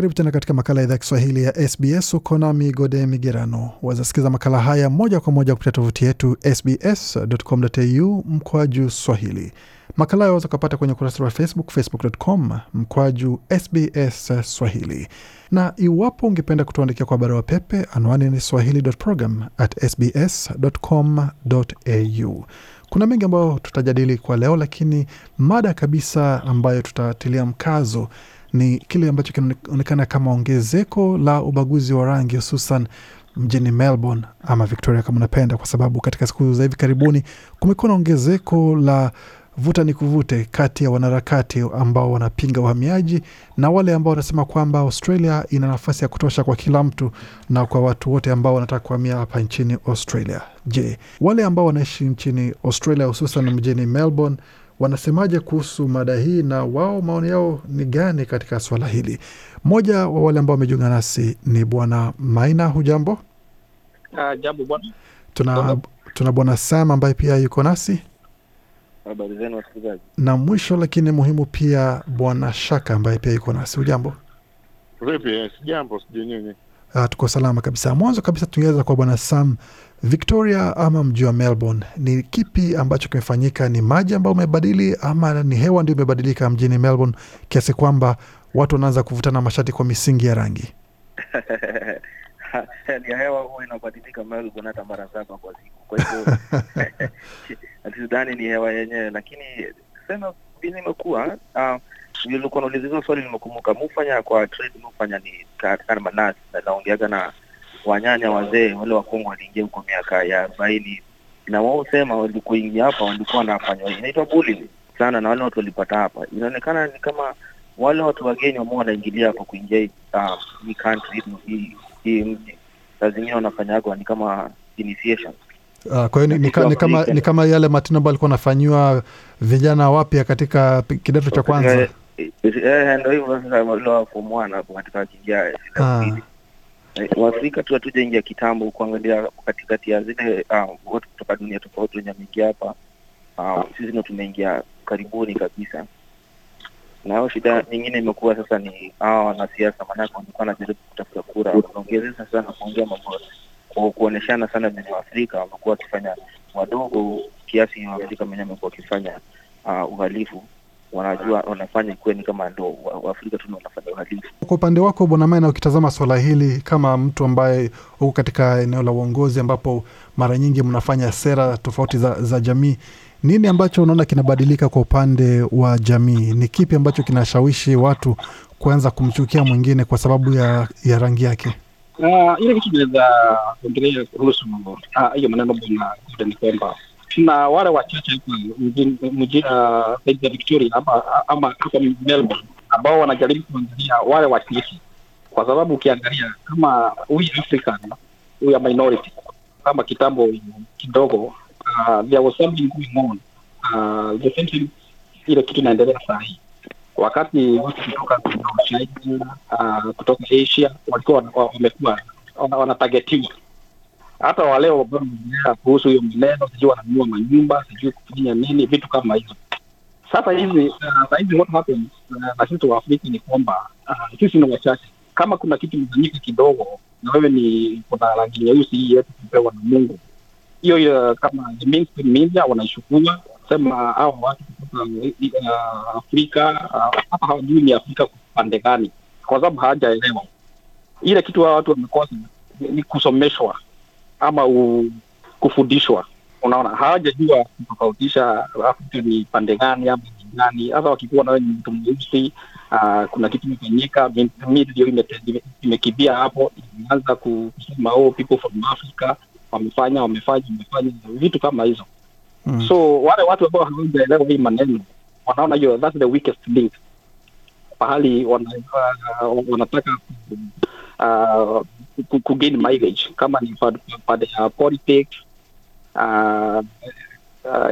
Karibu tena katika makala ya idhaa Kiswahili ya SBS. Uko nami Gode Migerano. Wazasikiza makala haya moja kwa moja kupitia tovuti yetu sbs.com.au mkwaju swahili. Makala yaweza ukapata kwenye ukurasa wa Facebook, facebook.com mkwaju SBS Swahili. Na iwapo ungependa kutuandikia kwa barua pepe, anwani ni swahili.program@sbs.com.au. Kuna mengi ambayo tutajadili kwa leo, lakini mada kabisa ambayo tutatilia mkazo ni kile ambacho kinaonekana kama ongezeko la ubaguzi wa rangi hususan mjini Melbourne ama Victoria kama unapenda, kwa sababu katika siku za hivi karibuni kumekuwa na ongezeko la vuta ni kuvute kati ya wanaharakati ambao wanapinga uhamiaji na wale ambao wanasema kwamba Australia ina nafasi ya kutosha kwa kila mtu na kwa watu wote ambao wanataka kuhamia hapa nchini Australia. Je, wale ambao wanaishi nchini Australia hususan mjini Melbourne wanasemaje kuhusu mada hii na wao maoni yao ni gani katika swala hili. Mmoja wa wale ambao wamejiunga nasi ni Bwana Maina. Hujambo? Uh, jambo bwana. Tuna, tuna Bwana Sam ambaye pia yuko nasi. Habari zenu wasikilizaji. Na mwisho lakini muhimu pia Bwana Shaka ambaye pia yuko nasi. Hujambo? Vipi? Sijambo, sijui nyinyi. Uh, ah, tuko salama kabisa. Mwanzo kabisa tungeweza kwa Bwana Sam Victoria ama mji wa Melbourne, ni kipi ambacho kimefanyika? Ni maji ambayo umebadili ama ni hewa ndio imebadilika mjini Melbourne kiasi kwamba watu wanaanza kuvutana mashati kwa misingi ya rangi? Hali ya hewa huwa inabadilika Melbourne hata mara saba kwa siku, kwa hivyo sidhani ni hewa yenyewe, lakini sema vile imekuwa ah, nilikuwa nauliza swali, nimekumbuka mufanya kwa trade mufanya ni karmanasi na naongeaga na wanyanya wazee wale wakongwe waliingia huko miaka ya arobaini na wao sema walikuingia hapa walikuwa wanafanywa inaitwa bullying sana na wale watu walipata hapa inaonekana ni kama wale watu wageni ambao wanaingilia hapa kuingia uh, hii country hii hii mji saa zingine wanafanyagwa ni kama initiation Uh, kwa hiyo ni, kama, ni kama yale matendo ambayo alikuwa anafanyiwa vijana wapya katika kidato cha kwanza. Eh, eh, eh, ndio hivyo sasa, fomu one hapo katika wakiingia ah. Eh, Waafrika tu hatuja ingia kitambo kuangalia katikati ya zile uh, ah, watu kutoka dunia tofauti wenye wameingia hapa uh, sisi ndo tumeingia karibuni kabisa. Na hiyo shida nyingine imekuwa sasa ni hawa wanasiasa, maanake wamekuwa wanajaribu kutafuta kura, wanaongezea sasa na kuongea mambo kwa kuoneshana sana venye Waafrika wamekuwa wakifanya wadogo kiasi Waafrika wenyewe wamekuwa wakifanya uh, uhalifu wanajua wanafanya kweni kama ndo Waafrika tu wanafanya uhalifu. Kwa upande wako Bwana Maina, ukitazama swala hili kama mtu ambaye huko katika eneo la uongozi ambapo mara nyingi mnafanya sera tofauti za, za jamii, nini ambacho unaona kinabadilika kwa upande wa jamii? Ni kipi ambacho kinashawishi watu kuanza kumchukia mwingine kwa sababu ya, ya rangi yake? Uh, ile kitu inaweza kuongelea kuhusu ah, hiyo uh, maneno bwana ni kwamba tuna wale wachache hapa mjini uh, Victoria ama ama hapa Melbourne ambao wanajaribu kuangalia wale wachache, kwa sababu ukiangalia kama huyu African huyu minority kama kitambo kidogo, uh, there was something going on uh, the same thing, ile kitu inaendelea saa hii wakati watu kutoka China uh, kutoka Asia walikuwa wamekuwa wanatagetiwa wana hata waleo wanaongea kuhusu hiyo maneno, sijui wananunua manyumba, sijui kufanya nini, vitu kama hivyo. Sasa hivi uh, hizi what happens uh, na sisi wa Afrika ni kwamba uh, sisi ni wachache. Kama kuna kitu mfanyika kidogo, na wewe ni kuna rangi nyeusi hii yetu kupewa na Mungu, hiyo uh, kama the mainstream media wanaishukua wanasema hawa watu kutoka uh, Afrika hapa uh, hawajui ni Afrika kupande gani, kwa sababu hawajaelewa ile kitu hawa watu wamekosa ni kusomeshwa ama u, kufundishwa. Unaona, hawajajua kutofautisha Afrika ni pande gani ama gani. Hasa wakikuwa nawe ni mtu mweusi uh, kuna kitu imefanyika, mi ndio imekimbia hapo, imeanza kusema oh, people from Africa wamefanya wamefanya wamefanya vitu kama hizo mm. So wale watu ambao hawajaelewa hii maneno wanaona hiyo that's the weakest link, pahali ah, wanataka wana, wana uh, ku, gain mileage kama ni pade ya politics uh, uh,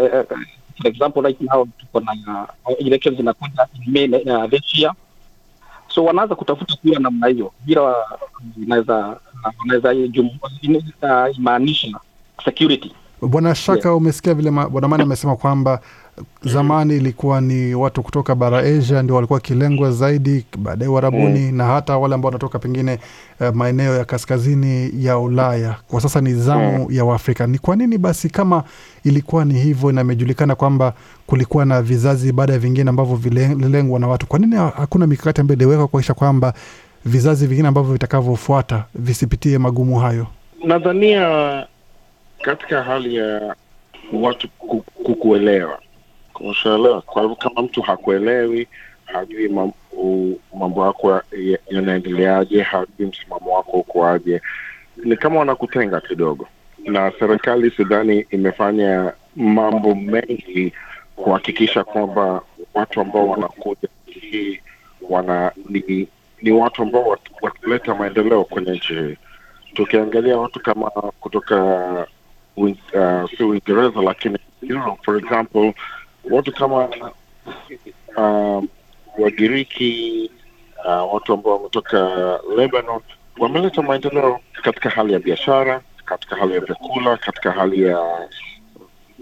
for uh, example right now tuko na uh, elections zinakuja May uh, this year so wanaanza kutafuta kura namna hiyo bila inaweza inaweza uh, imaanisha security Bwana Shaka, yeah. Umesikia vile Bwana Mani amesema kwamba Mm. zamani ilikuwa ni watu kutoka bara Asia ndio walikuwa kilengwa zaidi, baadaye Warabuni mm. na hata wale ambao wanatoka pengine uh, maeneo ya kaskazini ya Ulaya. Kwa sasa ni zamu mm. ya Waafrika. Ni kwa nini basi, kama ilikuwa ni hivyo na imejulikana kwamba kulikuwa na vizazi baada ya vingine ambavyo vililengwa na watu, kwa nini hakuna mikakati ambayo iliwekwa kuakisha kwamba vizazi vingine ambavyo vitakavyofuata visipitie magumu hayo? Nadhania katika hali ya watu kukuelewa kumshaelewa. Kwa hivyo kama mtu hakuelewi, hajui mambo yako yanaendeleaje, hajui msimamo wako ukoaje, ni kama wanakutenga kidogo. Na serikali sidhani imefanya mambo mengi kuhakikisha kwamba watu ambao wanakuja nchi hii wana ni, ni watu ambao wataleta maendeleo kwenye nchi hii. Tukiangalia watu kama kutoka uh, si Uingereza lakini know, for example watu kama uh, Wagiriki uh, watu ambao wametoka Lebanon wameleta maendeleo katika hali ya biashara, katika hali ya vyakula, katika hali ya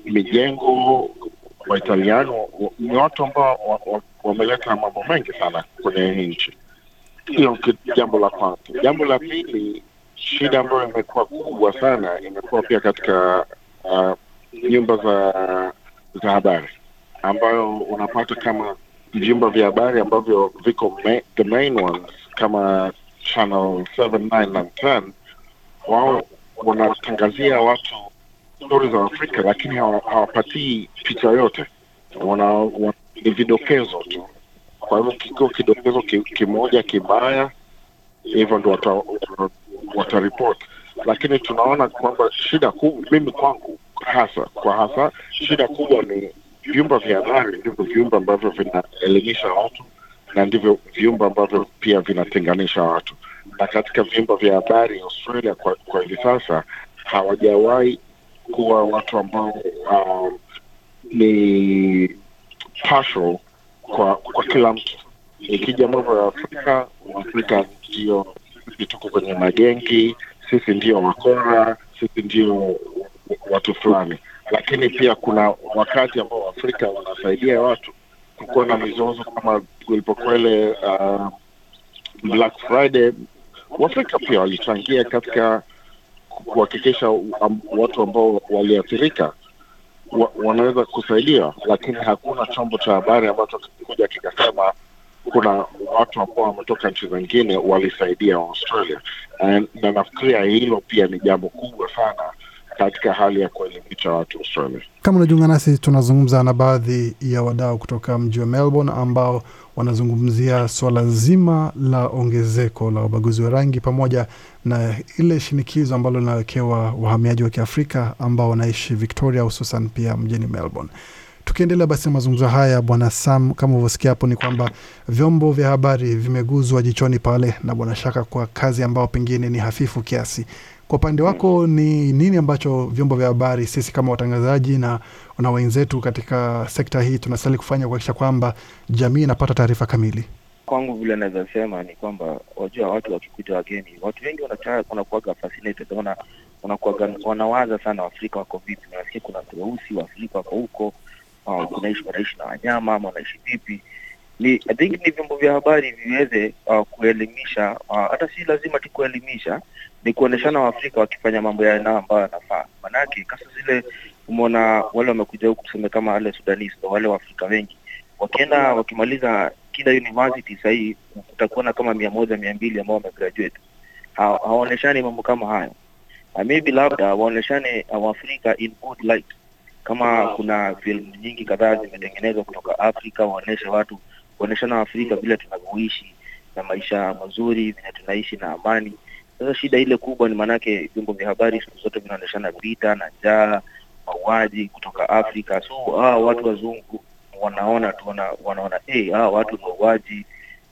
mijengo. Waitaliano ni watu ambao wameleta wa, wa mambo mengi sana kwenye hii nchi. Hiyo jambo la kwanza. Jambo la pili, shida ambayo imekuwa kubwa sana imekuwa pia katika uh, nyumba za za habari ambayo unapata kama vyumba vya habari ambavyo viko ma the main ones kama channel 7, na 10 wao wanatangazia watu stori za Afrika lakini hawapatii picha yote, wana, wana, ni vidokezo tu. Kwa hivyo kikiwa kidokezo ki, kimoja kibaya, hivyo ndo wataripoti wata, wata lakini tunaona kwamba shida kubwa, mimi kwangu hasa kwa hasa shida kubwa ni vyumba vya habari ndivyo vyumba ambavyo vinaelimisha watu na ndivyo vyumba ambavyo pia vinatenganisha watu, na katika vyumba vya habari Australia kwa, kwa hivi sasa hawajawahi kuwa watu ambao um, ni partial kwa kwa kila mtu. Ikija mambo ya Afrika, Waafrika ndio sisi kwenye magengi, sisi ndio wakora, sisi ndio watu fulani, lakini pia kuna wakati ambao Afrika wanasaidia watu kukuwa na mizozo kama ilipokuwa ile uh, Black Friday. Waafrika pia walichangia katika kuhakikisha watu ambao waliathirika wa, wanaweza kusaidia lakini hakuna chombo cha habari ambacho kilikuja kikasema kuna watu ambao wametoka nchi zingine walisaidia Australia, na nafikiria hilo pia ni jambo kubwa sana katika hali ya kuwaelimisha watu Australia. Kama unajiunga nasi, tunazungumza na baadhi ya wadau kutoka mji wa Melbourne ambao wanazungumzia swala zima la ongezeko la ubaguzi wa rangi pamoja na ile shinikizo ambalo linawekewa wahamiaji wa Kiafrika ambao wanaishi Victoria, hususan pia mjini Melbourne. Tukiendelea basi na mazungumzo haya, Bwana Sam, kama ulivyosikia hapo, ni kwamba vyombo vya habari vimeguzwa jichoni pale na Bwana Shaka kwa kazi ambayo pengine ni hafifu kiasi kwa upande wako ni nini ambacho vyombo vya habari, sisi kama watangazaji na, na wenzetu katika sekta hii tunastahili kufanya kuhakikisha kwamba jamii inapata taarifa kamili? Kwangu vile naweza sema ni kwamba, wajua, watu wakikuja wageni, watu wengi wanakuaga fascinated, wanakuaga wanawaza sana Waafrika wako vipi, nasikia kuna watu weusi Waafrika wako huko wanaishi na wanyama ama wanaishi vipi. Ni I think ni vyombo vya habari viweze uh, kuelimisha uh, hata si lazima tu kuelimisha, ni kuoneshana Waafrika wakifanya mambo yao ambayo yanafaa. Maanake kasa zile umeona wale wamekuja huku tuseme kama wale Sudanisto, wale Waafrika wengi wakienda wakimaliza kila university sahii utakuona kama mia moja mia mbili ambao wamegraduate. Ha, hawaoneshani mambo kama hayo, maybe labda waoneshane uh, Waafrika in good light kama kuna filmu nyingi kadhaa zimetengenezwa kutoka Afrika, waoneshe watu, kuoneshana Afrika vile tunavyoishi na maisha mazuri, vile tunaishi na amani, sasa shida ile kubwa ni maanake vyombo vya habari siku zote vinaonyeshana vita na njaa, mauaji kutoka Afrika. So ah, watu wazungu wanaona tu wanaona hey, ah, watu ni wauaji,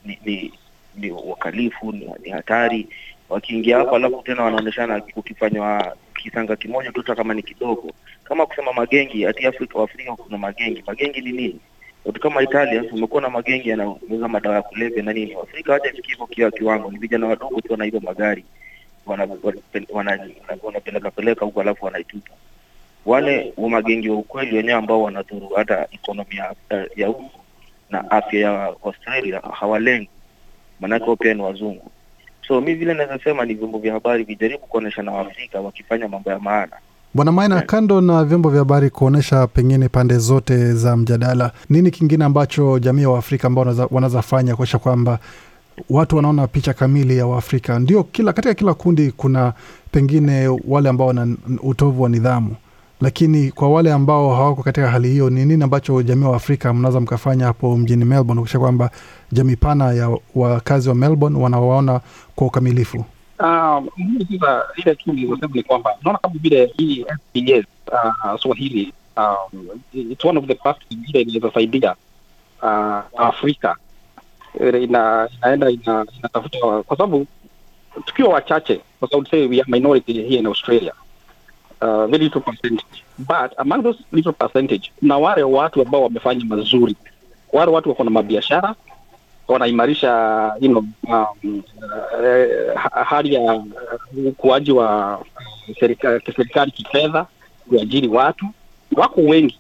ni ni ni wakalifu, ni, ni hatari. Wakiingia hapo alafu tena wanaonyeshana ukifanywa kisanga kimoja tu, kama ni kidogo, kama kusema magengi ati Afrika, Afrika kuna magengi. Magengi ni nini? watu kama Italia wamekuwa na magengi yanauza madawa ya kulevya na nini. Afrika hawajafikia hivyo kia kiwango, ni vijana wadogo tu hizo magari wanapeleka peleka huko, alafu wanaitupa. Wale wa magengi wa ukweli wenyewe ambao wanadhuru hata ekonomi ya huko na afya ya Australia hawalengi, maanake wao pia ni wazungu. So mi vile naweza sema ni vyombo vya habari vijaribu kuonesha na Waafrika wakifanya mambo ya maana. Bwana Maina, eh. kando na vyombo vya habari kuonyesha pengine pande zote za mjadala, nini kingine ambacho jamii wa waafrika ambao wanaweza fanya kuonyesha kwamba watu wanaona picha kamili ya Waafrika? Ndio, kila katika kila kundi kuna pengine wale ambao wana utovu wa nidhamu, lakini kwa wale ambao hawako katika hali hiyo, ni nini ambacho jamii wa Afrika mnaweza mkafanya hapo mjini Melbourne kuonyesha kwamba jamii pana ya wakazi wa Melbourne wanawaona kwa ukamilifu? Ah, sasa, ile tu ni kwamba naona kama vile hii SPS ah, Swahili ah, it's one of the Afrika ina, inaenda inatafuta ina, kwa sababu tukiwa wachache, kwa sababu say we are minority here in Australia uh, very little percentage, but among those little percentage wale watu ambao wamefanya mazuri, wale watu wako na mabiashara wanaimarisha you know, um, uh, hali ya ukuaji wa serikali, kifedha, kuajiri watu wako wengi,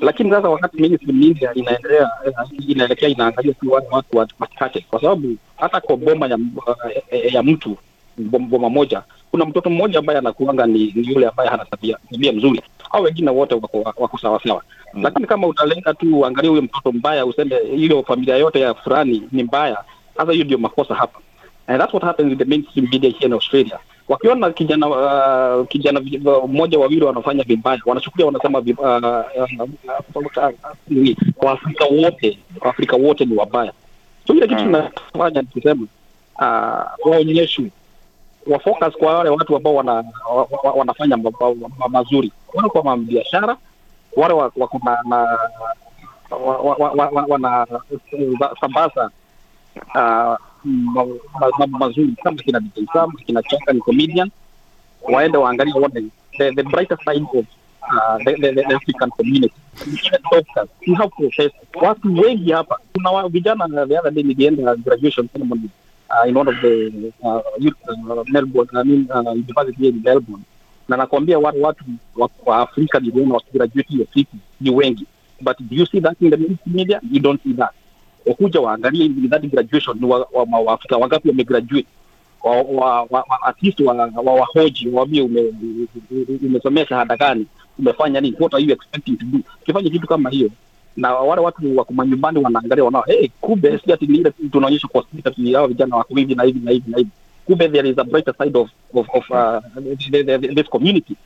lakini sasa wakati mainstream media inaendelea inaelekea inaangalia tu wale watu wachache, kwa sababu hata kwa boma ya, eh, ya mtu boma moja kuna mtoto mmoja ambaye anakuanga ni, ni yule ambaye hana tabia mzuri au wengine wote wako, wako sawasawa mm. Lakini kama utalenga tu uangalie huyo mtoto mbaya, useme hiyo familia yote ya fulani ni mbaya, sasa hiyo ndio makosa hapa. And that's what happens in the mainstream media here in Australia. Wakiona kijana uh, kijana uh, mmoja wawili wanafanya vibaya, wanachukulia wanasema uh, uh, Waafrika wote Waafrika wote ni wabaya. So ile kitu tunafanya mm. ni kusema waonyeshwe wa focus kwa wale watu ambao wana, wa, wa, wanafanya mazuri, wale kwa biashara, wale wako na wana, uh, sambaza wanasambaza uh, mambo mazuri kama kina DJ Sam, kina Chaka ni comedian, waende waangalie wale the, the brightest side of Uh, the, the, the African community. you have professors. Watu wengi hapa kuna vijana, the other day nilienda graduation ceremony uh, in one of the uh, uh, Melbourne, I mean, uh, university here in Melbourne, na nakwambia watu watu wa Afrika niliona wakigraduate hiyo siku ni wengi, but do you see that in the media? You don't see that. Wakuja waangalie in that graduation ni wa, wa, Afrika wangapi wamegraduate wa, wa, wa, at least wa, wa, wahoji waambie umesomea ume, ume shahada gani, umefanya nini, what are you expecting to do? Ukifanya kitu kama hiyo na wale watu wako manyumbani wanaangalia, wanaona hey, kube si ati ni ile tunaonyesha kwa sisi ati hao vijana wako hivi na hivi na hivi na hivi, kube there is a brighter side of of, of uh, the, the, the, this community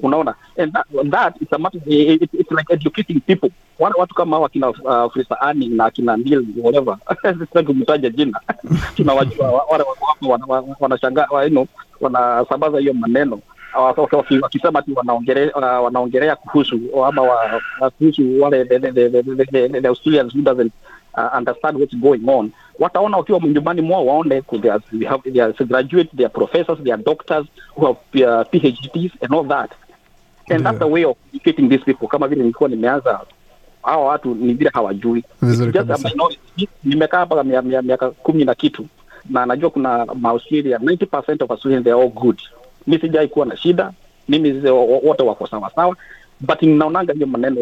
unaona, and that, that is a matter, it, it, it's like educating people. Wale watu kama hawa kina uh, Frisa Ani na kina Neil whatever, sitaki kumtaja jina, tunawajua wale wako wanashangaa, wana, wana, wana, wana, wana, wana, wanasambaza hiyo maneno wakisema ti wanaongelea uh, kuhusu ama kuhusu wale the, Australians who doesn't uh, understand what's going on. Wataona wakiwa nyumbani mwao waone graduate, professors, doctors who have uh, PhDs and all that and yeah. that's the way of educating these people, kama vile nilikuwa nimeanza hawa watu ni vile hawajui. Nimekaa hapa miaka kumi na kitu na najua kuna ma 90% of Australians they are all good mi sijai kuwa na shida mimi wote wako sawa but ninaonanga hiyo maneno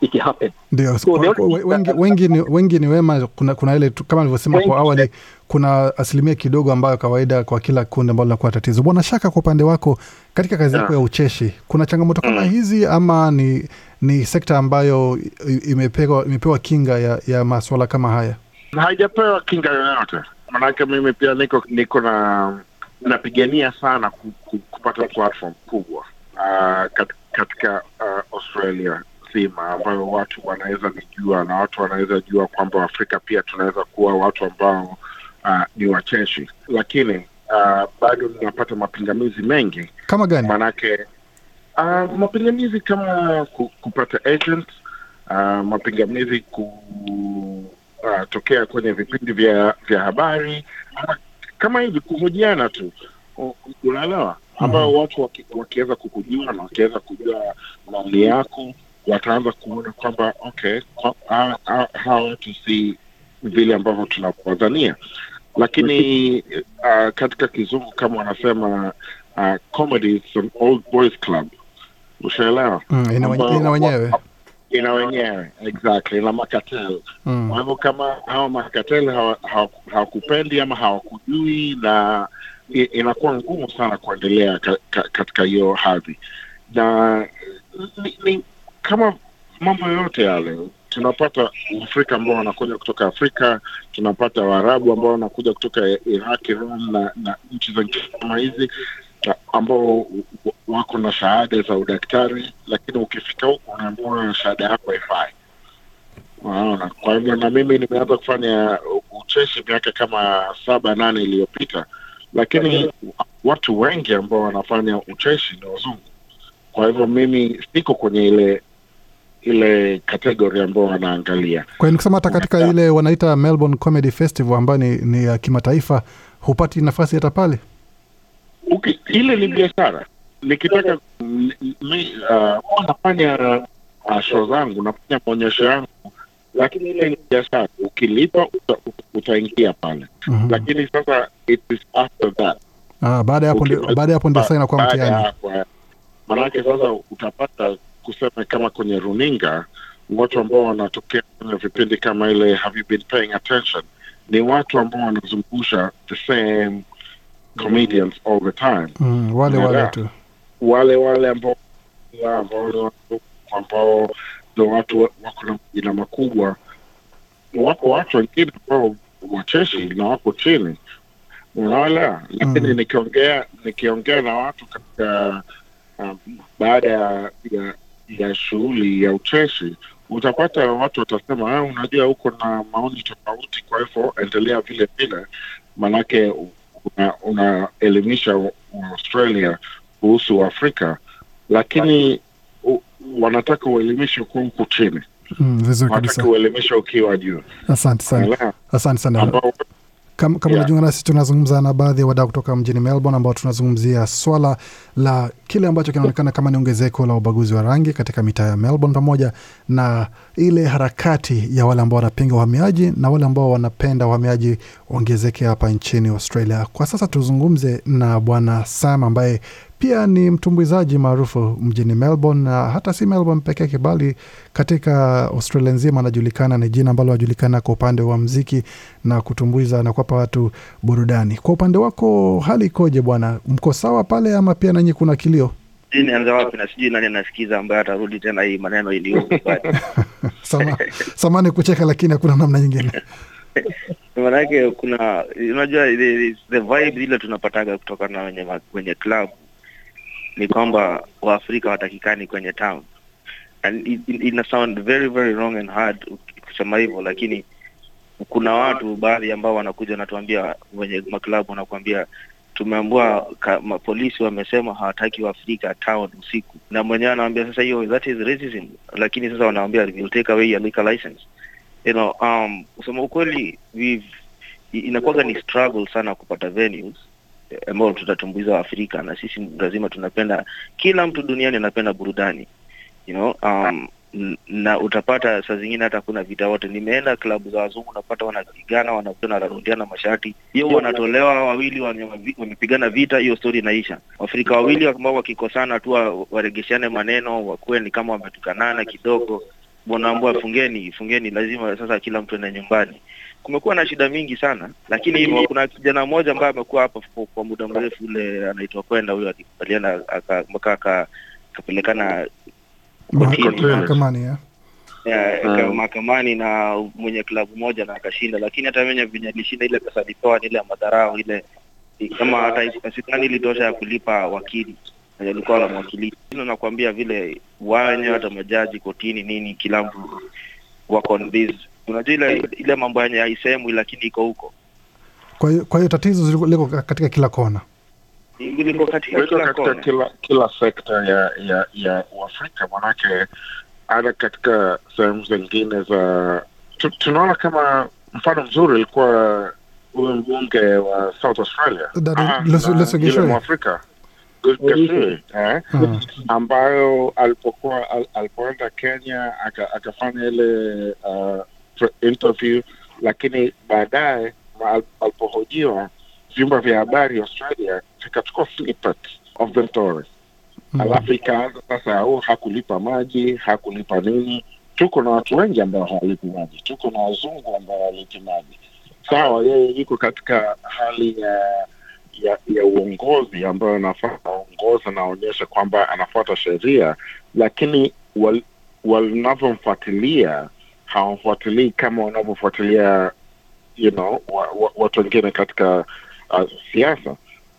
ikihappen ndio so, wengi, wengi, ni, wengi ni wema kuna, kuna ile kama nilivyosema hapo awali kuna asilimia kidogo ambayo kawaida kwa kila kundi ambalo linakuwa tatizo bwana shaka kwa upande wako katika kazi yako ya ucheshi kuna changamoto kama mm. hizi ama ni ni sekta ambayo imepewa, imepewa kinga ya, ya maswala kama haya haijapewa kinga yoyote manake mimi pia niko niko na inapigania sana kupata platform kubwa uh, kat, katika uh, Australia nzima ambayo watu wanaweza nijua na watu wanaweza jua kwamba Afrika pia tunaweza kuwa watu ambao uh, ni wacheshi, lakini uh, bado ninapata mapingamizi mengi. Kama gani? manake uh, mapingamizi kama kupata agent uh, mapingamizi kutokea uh, kwenye vipindi vya, vya habari kama hivi kuhojiana tu, unaelewa, ambayo mm-hmm. watu wakiweza kukujua na wakiweza kujua maoni yako wataanza kuona kwamba okay, hawa watu si vile ambavyo tunawadhania, lakini uh, katika kizungu kama wanasema uh, comedy is an old boys club, ushaelewa? Mm, ina wenyewe ina wenyewe exactly na makatel mm. kwa hivyo kama hawa makatel hawakupendi hawa, hawa ama hawakujui na inakuwa ngumu sana kuendelea ka, ka, katika hiyo hadhi na ni, ni kama mambo yoyote yale tunapata waafrika ambao wanakuja kutoka Afrika, tunapata Waarabu ambao wanakuja kutoka Iraq, Iran na, na nchi za kama hizi, Eh, ambao wako na shahada za udaktari, lakini ukifika huku unaambiwa shahada yako haifai. Unaona, kwa hivyo na mimi nimeanza kufanya ucheshi miaka kama saba nane iliyopita, lakini watu wengi ambao wanafanya ucheshi ni wazungu. Kwa hivyo mimi siko kwenye ile ile kategori ambao wanaangalia. Kwa hiyo nikusema hata katika ile wanaita Melbourne Comedy Festival ambayo ni, ni ya kimataifa, hupati nafasi hata pale ile ni biashara. Nikitaka mi uh, nafanya uh, zangu nafanya maonyesho yangu, lakini ile ni biashara. Ukilipa uta, utaingia pale mm-hmm. Lakini sasa it is after that ah, baada ya hapo ndio sasa inakuwa maanake sasa utapata kusema kama kwenye runinga watu ambao wanatokea kwenye vipindi kama ile have you been paying attention, ni watu ambao wanazungusha the same comedians all the time mm, wale Nada, wale tu wale wale ambao ambao ambao ndo watu wako na majina makubwa wako watu wengine ambao wacheshi na wako chini unaelewa lakini mm. nikiongea nikiongea na watu katika um, baada ya, ya shughuli ya ucheshi utapata watu watasema ah, unajua huko na maoni tofauti kwa hivyo endelea vile vile maanake unaelimisha una Australia kuhusu Afrika, lakini u, wanataka uelimishe kuwa huku chini. Mm, vizuri kabisa. Wanataka ukiwa juu. Asante sana, asante sana ambao kama yeah. unajiunga nasi, tunazungumza na baadhi ya wadau kutoka mjini Melbourne ambao tunazungumzia swala la kile ambacho kinaonekana kama ni ongezeko la ubaguzi wa rangi katika mitaa ya Melbourne, pamoja na ile harakati ya wale ambao wanapinga uhamiaji na wale ambao wanapenda uhamiaji ongezeke hapa nchini Australia. Kwa sasa tuzungumze na Bwana Sam ambaye pia ni mtumbuizaji maarufu mjini Melbourne, na hata si Melbourne peke yake, bali katika Australia nzima anajulikana. Ni jina ambalo anajulikana kwa upande wa mziki na kutumbuiza na kuwapa watu burudani. Kwa upande wako hali ikoje bwana, mko sawa pale ama pia nanyi kuna kilio? Nianza wapi na sijui nani anasikiza ambaye atarudi tena hii maneno iliyo Sama, samani kucheka, lakini hakuna namna nyingine maanake kuna unajua the vibe ile tunapataga kutoka na wenye, wenye club ni kwamba Waafrika watakikani kwenye town and it, it, ina sound very very wrong and hard kusema hivyo, lakini kuna watu baadhi ambao wanakuja wanatuambia, wenye maklabu wanakuambia tumeambua polisi wamesema hawataki Waafrika town usiku, na mwenyewe anawambia sasa, hiyo that is racism, lakini sasa wanawambia we'll take away your liquor license you know, um, kusema ukweli inakuwaga ni struggle sana kupata venues ambao tutatumbuiza Waafrika na sisi lazima tunapenda, kila mtu duniani anapenda burudani you know, um, na utapata saa zingine hata kuna vita wote. Nimeenda klabu za wazungu, unapata wanapigana, wanarundiana mashati, hiyo wanatolewa wawili, wamepigana vita, hiyo story inaisha. Waafrika wawili ambao wakikosana tu waregeshane maneno, wakuwe ni kama wametukanana kidogo, bwana ambao, fungeni, fungeni, lazima sasa kila mtu ende nyumbani kumekuwa na shida mingi sana lakini kuna kijana mmoja ambaye amekuwa hapa kwa muda mrefu, ule anaitwa Kwenda, huyo alikubaliana mpaka akapelekana mahakamani ah. mahakamani na mwenye klabu moja na akashinda, lakini hata mwenye venye alishinda ile pesa alipewa ile ya madharau ile kama hata sikani ilitosha ya kulipa wakili alikuwa la mwakilishi. nakuambia vile wenyewe hata majaji kotini nini, kila mtu wako on this unajua ile eh. ile mambo haisemwi lakini iko huko. Kwa hiyo kwa hiyo tatizo liko katika kila kona liko katika, kila, katika kila, kila sekta ya ya ya Uafrika manake hata katika sehemu zingine za tunaona kama mfano mzuri ilikuwa huyu mbunge wa South Australia ah, Mwafrika eh? ah. ambayo alipokuwa alipoenda Kenya akafanya ile uh, interview, lakini baadaye alipohojiwa vyumba vya habari Australia vikachukua snippet of the story mm. Alafu ikaanza sasa, au oh, hakulipa maji, hakulipa nini. Tuko na watu wengi ambao hawalipi maji, tuko na wazungu ambao hawalipi maji. Sawa, yeye iko katika hali ya ya, ya uongozi ambayo anafaa aongoza anaonyesha kwamba anafuata sheria, lakini wal, walinavyomfuatilia hawafuatilii kama wanavyofuatilia you know, wa, wa, watu wengine katika uh, siasa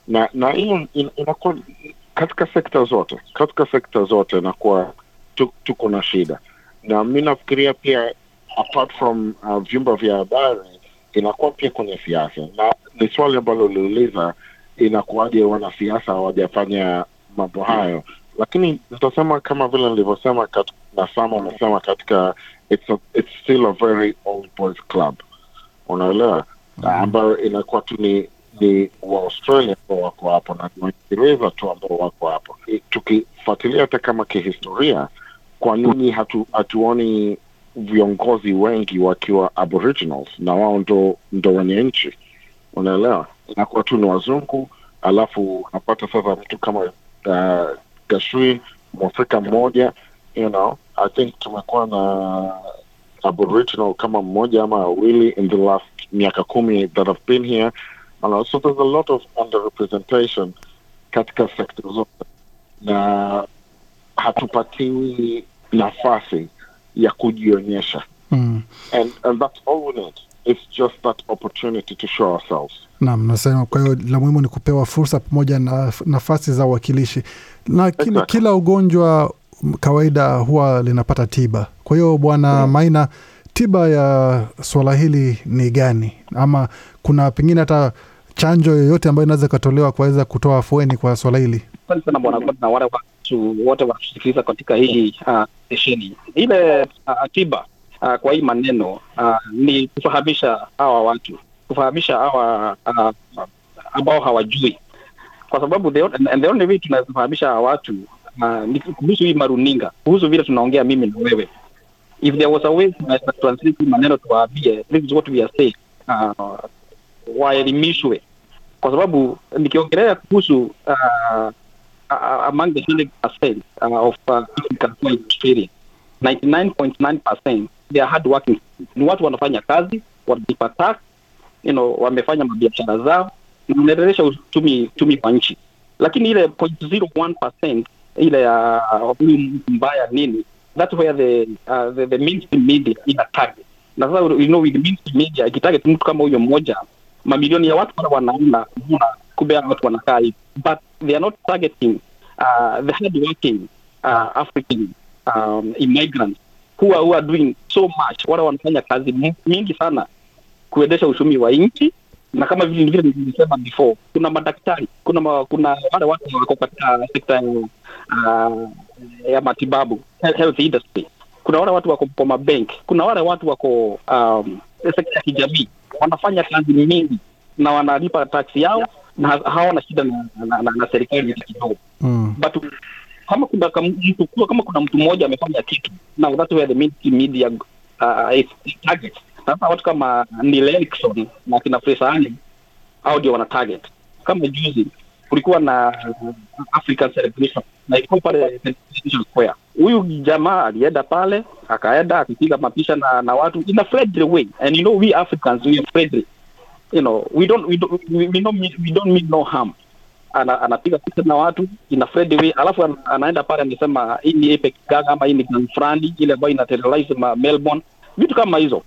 na na hiyo in, inakuwa katika sekta zote, katika sekta zote inakuwa tuko na shida, na mi nafikiria pia apart from uh, vyumba vya habari inakuwa pia kwenye siasa, na ni swali ambalo uliuliza, inakuwaje wanasiasa hawajafanya mambo hayo? Lakini nitasema kama vile nilivyosema na Sam amesema katika it's, a, it's still a very old boys club, unaelewa mm-hmm. ambayo inakuwa tu ni ni Waaustralia ambao wako hapo na Waingereza tu ambao wako hapo. Tukifuatilia hata kama kihistoria, kwa nini hatu, hatuoni viongozi wengi wakiwa Aboriginals na wao ndo, ndo wenye nchi, unaelewa? Inakuwa tu ni wazungu, alafu unapata sasa mtu kama uh, Gashui mwafrika mmoja you know, I think tumekuwa na Aboriginal kama mmoja ama wawili in the last miaka kumi that have been here and also there's a lot of underrepresentation katika sekta zote na hatupatiwi nafasi ya kujionyesha mm. and, and that's all we need it's just that opportunity to show ourselves. Naam, nasema kwa hiyo la muhimu ni kupewa fursa pamoja na nafasi za uwakilishi, lakini exactly. kila ugonjwa kawaida huwa linapata tiba. Kwa hiyo Bwana mm. Maina, tiba ya swala hili ni gani, ama kuna pengine hata chanjo yoyote ambayo inaweza ikatolewa kuweza kutoa afueni kwa swala hili? Asante sana Bwana God na wale watu wote wanatusikiliza katika hii ah, stesheni. Uh, ile uh, tiba uh, kwa hii maneno uh, ni kufahamisha hawa watu, kufahamisha hawa uh, ambao hawajui, kwa sababu the, and the only way watu Ah, kuhusu hii maruninga, kuhusu vile tunaongea mimi na wewe, if there was a way tunaweza translate maneno tuwaambie, this is what we are saying, uh, waelimishwe, kwa sababu nikiongelea kuhusu uh, among the hundred percent uh, of uh, African in Australia 99.9% they are hard working, ni watu wanafanya kazi, wanalipa tax, you know, wamefanya mabiashara zao na unaendelesha uchumi uchumi kwa nchi, lakini ile 0.01% ile ya huyu mbaya nini, that's where the, uh, the, the mainstream media ina target. Na sasa you know, with mainstream media ikitarget mtu kama huyo mmoja, mamilioni ya watu wale wanaona, mbona kumbe watu wanakaa hivi, but they are not targeting uh, the hard working uh, African um, immigrants who are, who are doing so much, wale wanafanya kazi mingi sana kuendesha uchumi wa nchi na kama vile vile nilisema before, kuna madaktari, kuna ma, kuna wale watu wako katika sekta ya, uh, ya matibabu health industry, kuna wale watu wako kwa mabank, kuna wale watu wako um, sekta ya kijamii, wanafanya kazi mingi na wanalipa taksi yao na hawana shida na, na, na, na serikali hata kidogo mm. but kama kuna mtu kama kuna mtu mmoja amefanya kitu now that's where the media uh, is target sasa watu kama Neil Erikson na kina Fraser Anie hao ndio wana target. Kama juzi kulikuwa na African Celebration na iko pale Central Square. Huyu jamaa alienda pale akaenda akipiga mapisha na, na watu in a friendly way and you know we Africans we are friendly you know we don't we don't we, we, don't, mean, we don't mean no harm ana, anapiga picha na watu ina friendly way, alafu an, anaenda pale anasema hii ni epic Gaga ama hii ni gang fulani ile ambayo inaterrorize terrorize Melbourne, vitu kama hizo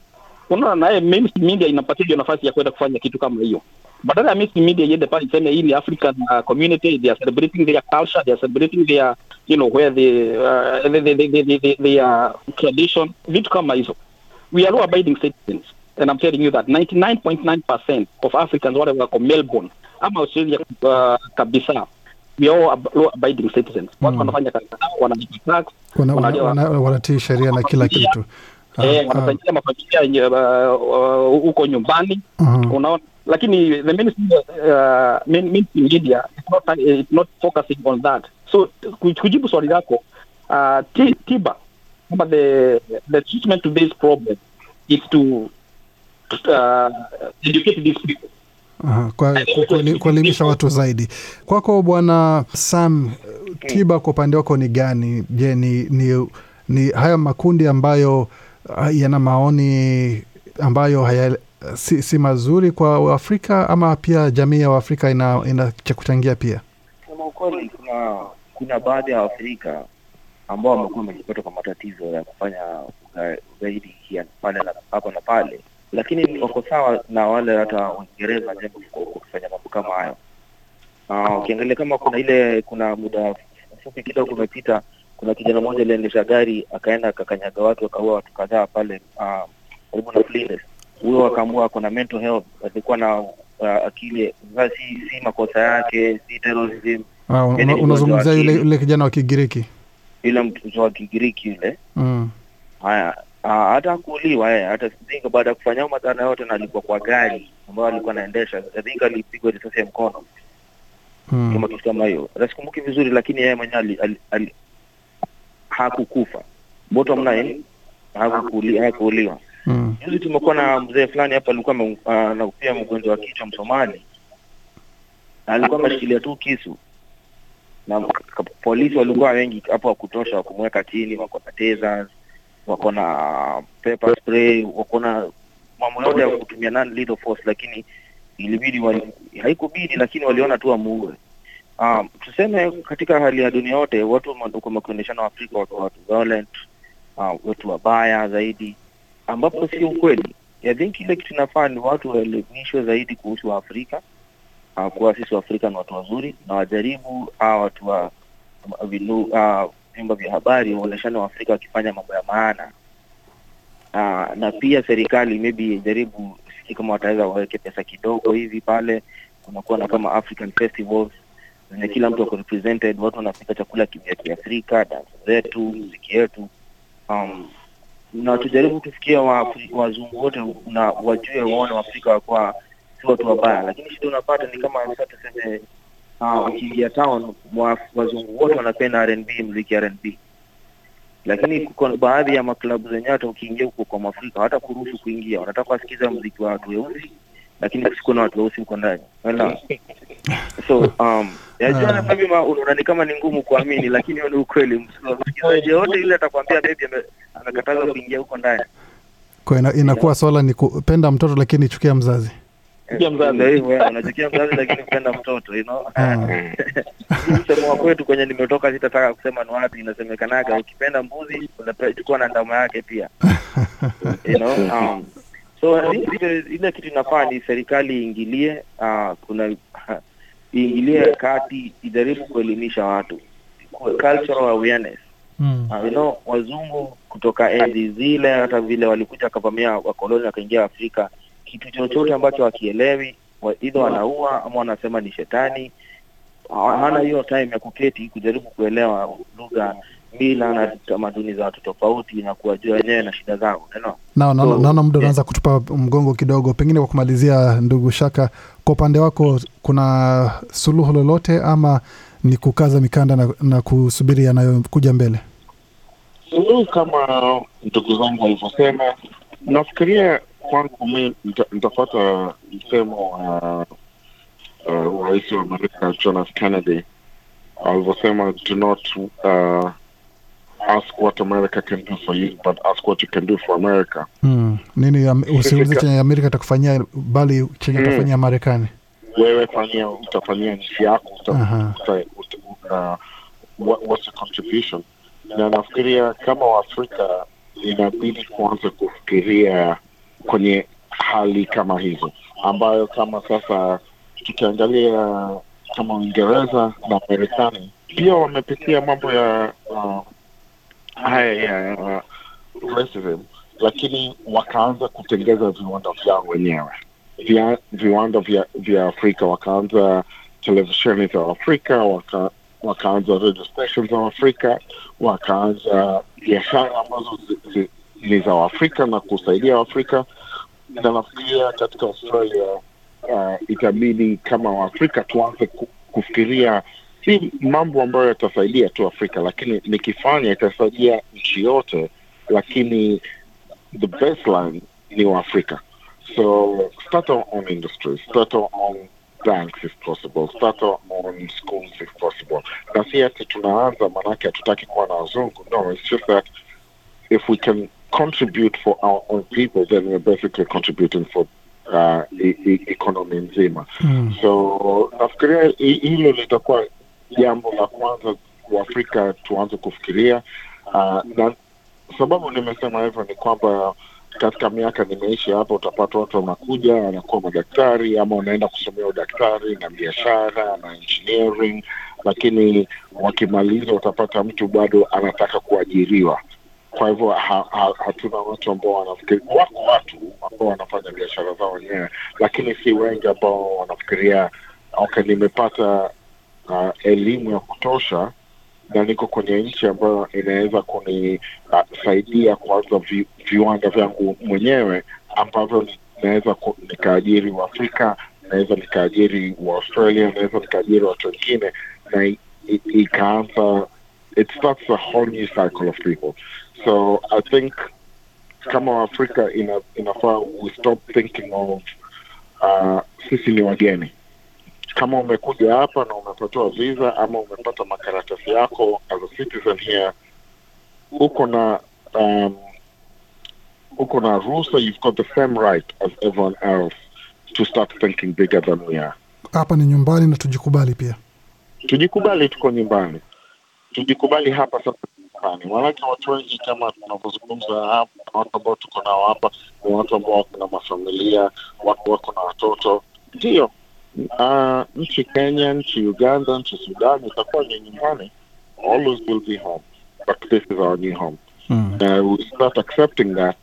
unaona naye mainstream media inapatijwa nafasi ya kwenda kufanya kitu kama hiyo badala ya mainstream media iende pale iseme hii ni African uh, community they are celebrating their culture they are celebrating their you know where the uh, the, the, the, the, the, the uh, tradition vitu kama hizo we are law abiding citizens and I'm telling you that 99.9% of Africans whatever from Melbourne ama Australia uh, kabisa we are law abiding citizens watu mm. wanafanya kazi zao wanalipa tax wanatii sheria na kila kitu Ah, eh, ah. wanasaidia mafamilia huko eh, uh, nyumbani uh-huh. unaona lakini the mainstream, uh, media it's not, uh, it's not focusing on that so kujibu swali lako uh, tiba kama the, the treatment to this problem is to uh, educate these people kuelimisha kwa kuelimisha watu zaidi. Kwako Bwana Sam, tiba kwa upande wako ni gani? Je, ni, ni, ni haya makundi ambayo Ah, yana maoni ambayo haya, si, si mazuri kwa Afrika ama pia jamii ya Waafrika ina, ina cha kuchangia pia? Kama ukweli, kuna kuna baadhi ya Waafrika ambao wamekuwa wamejipata kwa matatizo ya kufanya ugaidi pale hapa na pale, lakini wako sawa na wale hata Uingereza kufanya mambo kama hayo. Ah, ukiangalia kama kuna ile kuna muda mfupi kidogo umepita kuna kijana mmoja aliendesha gari akaenda akakanyaga watu akaua watu kadhaa pale ah, karibu na Flinders. Huyo akaambua ako na mental health, alikuwa na uh, akili sasa, si, si makosa yake, si terrorism. Ah, yaani unazungumzia yule yule kijana wa Kigiriki, ile mtoto wa Kigiriki yule. Mm. Haya, hata hakuuliwa yeye, eh, hata sidhinka baada ya kufanya madhara yote, na alikuwa kwa gari ambayo alikuwa anaendesha, sidhinka alipigwa risasi ya mkono mm. kama kitu kama hiyo, sikumbuki vizuri, lakini yeye mwenyewe hakukufa. Bottom line eh, hakukuli, hakuuliwa. Mm. Juzi tumekuwa na mzee fulani hapa alikuwa uh, pia mgonjwa wa kichwa Msomali, na alikuwa ameshikilia tu kisu na polisi walikuwa wengi hapo wakutosha wakumweka chini, wako na tasers, wako na pepper spray, wako na mambo yote ya kutumia nani lethal force, lakini ilibidi wali, haikubidi, lakini waliona tu amuue. Um, tuseme katika hali ya dunia yote watu wakionyeshana wa afrika watu violent, uh, watu wabaya zaidi, ambapo sio ukweli. I think ile kitu inafaa ni watu waelimishwe zaidi kuhusu Waafrika uh, kuwa sisi Waafrika ni watu wazuri, na wajaribu uh, watu wa uh, vyombo uh, vya habari wa afrika wakifanya mambo ya maana uh, na pia serikali maybe jaribu sii kama wataweza waweke pesa kidogo hivi pale, kunakuwa na kama African festivals zenye kila mtu ako represented, watu wanapika chakula ya Kiafrika, dansi zetu, muziki yetu um, na tujaribu kufikia wazungu wote na wajue waone Waafrika wakuwa si watu wabaya, lakini shida unapata ni kama sasa tuseme wakiingia ah, town wazungu wote wanapenda R&B, muziki R&B, lakini kuko baadhi ya maklabu zenyewe hata ukiingia huko kwa Mwafrika hata kuruhusu kuingia, wanataka wasikiza muziki wa watu weusi, lakini kusikuwa na watu weusi huko ndani, so um, Najua na ah. mimi unaona kama ni ngumu kuamini, lakini ni ukweli. yote ile atakwambia bebi amekataza kuingia huko ndani. Kwa ina, inakuwa swala ni kupenda mtoto lakini chukia mzazi. Chukia mzazi. Eh, mzazi lakini kupenda mtoto, you know. Ah. kwetu kwenye nimetoka sitataka kusema ni wapi, inasemekanaga ukipenda mbuzi unachukua na ndama yake pia. You know. Um, so ile kitu inafaa ni serikali iingilie. Uh, kuna iingilie kati ijaribu kuelimisha watu cultural awareness mm. uh, you know, wazungu kutoka enzi zile hata vile walikuja wakavamia wakoloni wakaingia afrika kitu chochote ambacho wakielewi idha wanaua ama wanasema ni shetani hana hiyo time ya kuketi kujaribu kuelewa lugha mila na tamaduni za watu tofauti na kuwajua wenyewe na shida zao. Naona no, so, muda unaanza yeah, kutupa mgongo kidogo. Pengine kwa kumalizia, ndugu Shaka, kwa upande wako kuna suluhu lolote ama ni kukaza mikanda na, na kusubiri yanayokuja mbele? Suluhu kama ndugu zangu walivyosema, nafikiria kwangu mi nitafata msemo uh, wa rais wa Amerika John Kennedy alivyosema do not uh, ask what America can do for you, but ask what you can do for America. Mm. Nini usiulize chenye Amerika atakufanyia bali chenye mm. Marekani. Wewe fanyia utafanyia nchi yako uta, uta, uta, uh, what, what's the contribution? Na nafikiria kama Waafrika inabidi kuanza kufikiria kwenye hali kama hizo, ambayo kama sasa tukiangalia kama Uingereza na Marekani pia wamepitia mambo ya uh, haya uh, lakini wakaanza kutengeza viwanda vyao wenyewe vya, viwanda vya, vya Afrika, wakaanza televisheni za Afrika waka, wakaanza radio stations za Afrika, wakaanza biashara ambazo ni za Waafrika na kusaidia Waafrika, na nafikiria katika Australia uh, itabidi kama Waafrika tuanze kufikiria si mambo ambayo yatasaidia tu Afrika, lakini nikifanya itasaidia nchi yote, lakini the baseline ni Waafrika. So start industry, start banks if possible, start schools if possible. Na si ati tunaanza maanake hatutaki kuwa na wazungu. No, it's just that if we can contribute for our own people, then basically contributing for uh, e-, e-, economy nzima. Mm. So nafikiria hilo litakuwa jambo la kwanza Waafrika tuanze kufikiria uh, na sababu nimesema hivyo ni kwamba katika miaka nimeishi hapa, utapata watu wanakuja wanakuwa madaktari ama wanaenda kusomea udaktari na biashara na engineering, lakini wakimaliza utapata mtu bado anataka kuajiriwa. Kwa hivyo ha, ha, hatuna watu ambao wanafikiri, wako watu ambao wanafanya biashara zao wenyewe, lakini si wengi ambao wanafikiria okay, nimepata uh, elimu ya kutosha na niko kwenye nchi ambayo inaweza kunisaidia uh, kuanza vi, viwanda vyangu mwenyewe ambavyo naweza nikaajiri Waafrika, naweza nikaajiri Waaustralia, naweza nikaajiri watu wengine na ikaanza it starts a whole new cycle of people. So I think kama Waafrika inafaa ina we stop thinking of uh, sisi ni wageni kama umekuja hapa na umepatiwa visa ama umepata makaratasi yako as a citizen here, uko na um, uko na ruhusa, you've got the same right as everyone else to start thinking bigger than we are. Hapa ni nyumbani na tujikubali pia, tujikubali, tuko nyumbani, tujikubali hapa sasa nyumbani. Maanake watu wengi kama tunavyozungumza hapa, watu ambao tuko nao hapa ni watu ambao wako na mafamilia, watu wako na watoto, ndio uh, nchi Kenya, nchi Uganda, nchi Sudan itakuwa ni nyumbani, always will be home, but this is our new home. Mm. we start accepting that,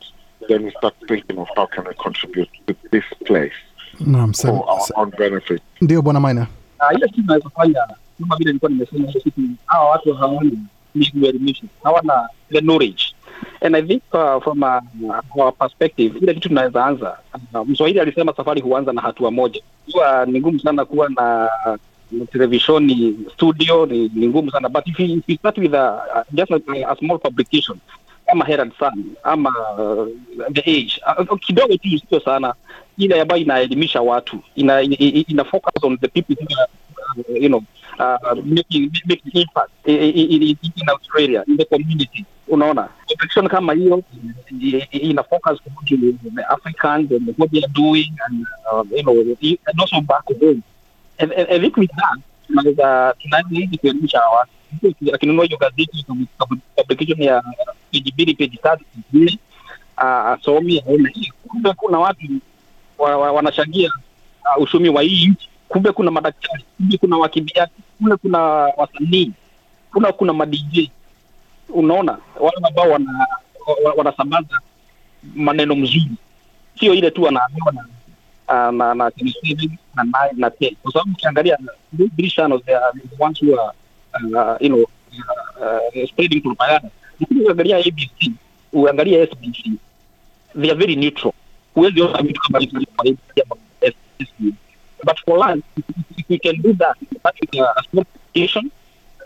then we start thinking of how can we contribute to this place Naam, for our own benefit. Ndio Bwana Maina, ah, ile kitu naweza fanya kama vile nilikuwa nimesema, hiyo hawa watu hawana hawana knowledge And I think uh, from a, uh, our perspective ile kitu tunaweza anza uh, Mswahili alisema safari huanza na hatua moja. Huwa ni ngumu sana kuwa na uh, televishoni studio, ni, ni ngumu sana but if you, if you start with a, uh, uh, just a, a small publication kama Herald Sun ama uh, The Age uh, uh, kidogo tu, sio sana, ile ambayo inaelimisha watu ina, ina, ina focus on the people Uh, you know, uh, making, making impact in, in, in Australia in the community. Unaona kama hiyo ina focus kuhusu the Africans and what they are doing and um, you know and also back home and, and, and tunaweza kuelimisha watu akinunua hiyo gazeti publication ya peji mbili peji tatu uh, aone hii kumbe kuna watu wanachangia wa, uh, uchumi wa hii nchi kumbe kuna madaktari, kumbe kuna wakimbiaji, kumbe kuna wasanii, kuna kuna madj. Unaona wale ambao wana, wanasambaza maneno mzuri, sio ile tu anaambiwa ah, na na na na na te, kwa sababu ukiangalia ah, ah, Ukiangalia ABC, uangalia SBC, they are very neutral. Huwezi ona vitu kama kwa But for us, if we can do that, that is a small application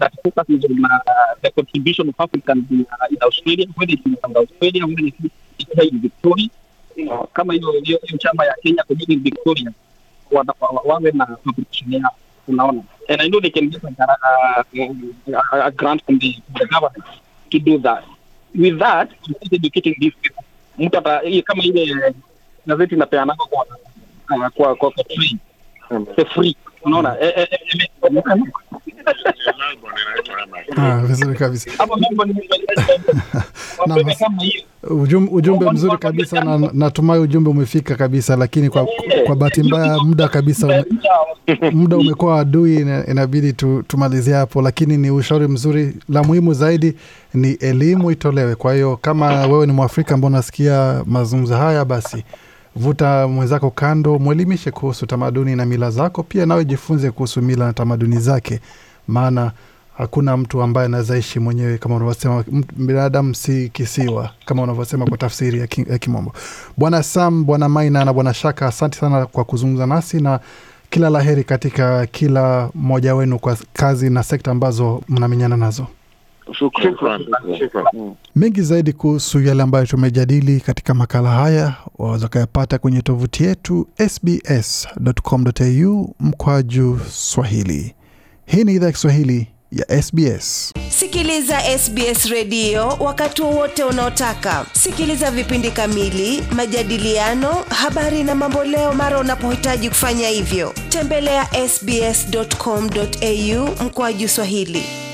that focuses on uh, the contribution of Africans in, uh, in Australia, whether it's in Australia, whether it's in Victoria, kama hiyo chama ya Kenya Victoria wawe na publication yao, unaona. And I know they can get a, a, a, a grant from the, the government to do that. With that, start educating these people. Mtu kama ile eh, gazeti inapeanaka uh, kwa kwa, kwa, kwa, kwa, kwa, kwa, kwa, kwa, kwa sifuri unaona vizuri kabisa ujumbe mzuri kabisa na natumai ujumbe umefika kabisa lakini kwa, eh, eh, kwa bahati mbaya muda kabisa ume, muda umekuwa adui inabidi tu, tumalizie hapo lakini ni ushauri mzuri la muhimu zaidi ni elimu itolewe kwa hiyo kama wewe ni mwafrika ambao unasikia mazungumzo haya basi vuta mwenzako kando, mwelimishe kuhusu tamaduni na mila zako, pia nawe jifunze kuhusu mila na tamaduni zake, maana hakuna mtu ambaye anawezaishi mwenyewe kama unavyosema, binadamu si kisiwa, kama unavyosema kwa tafsiri ya, ya Kimombo. Bwana Sam, Bwana Maina na Bwana Shaka, asante sana kwa kuzungumza nasi na kila laheri katika kila mmoja wenu kwa kazi na sekta ambazo mnamenyana nazo. Mm. Mengi zaidi kuhusu yale ambayo tumejadili katika makala haya waweza kuyapata kwenye tovuti yetu sbs.com.au mkwaju Swahili. Hii ni idhaa ya Kiswahili ya SBS. Sikiliza SBS redio wakati wowote unaotaka. Sikiliza vipindi kamili, majadiliano, habari na mamboleo mara unapohitaji kufanya hivyo. Tembelea ya sbs.com.au mkoaju Swahili.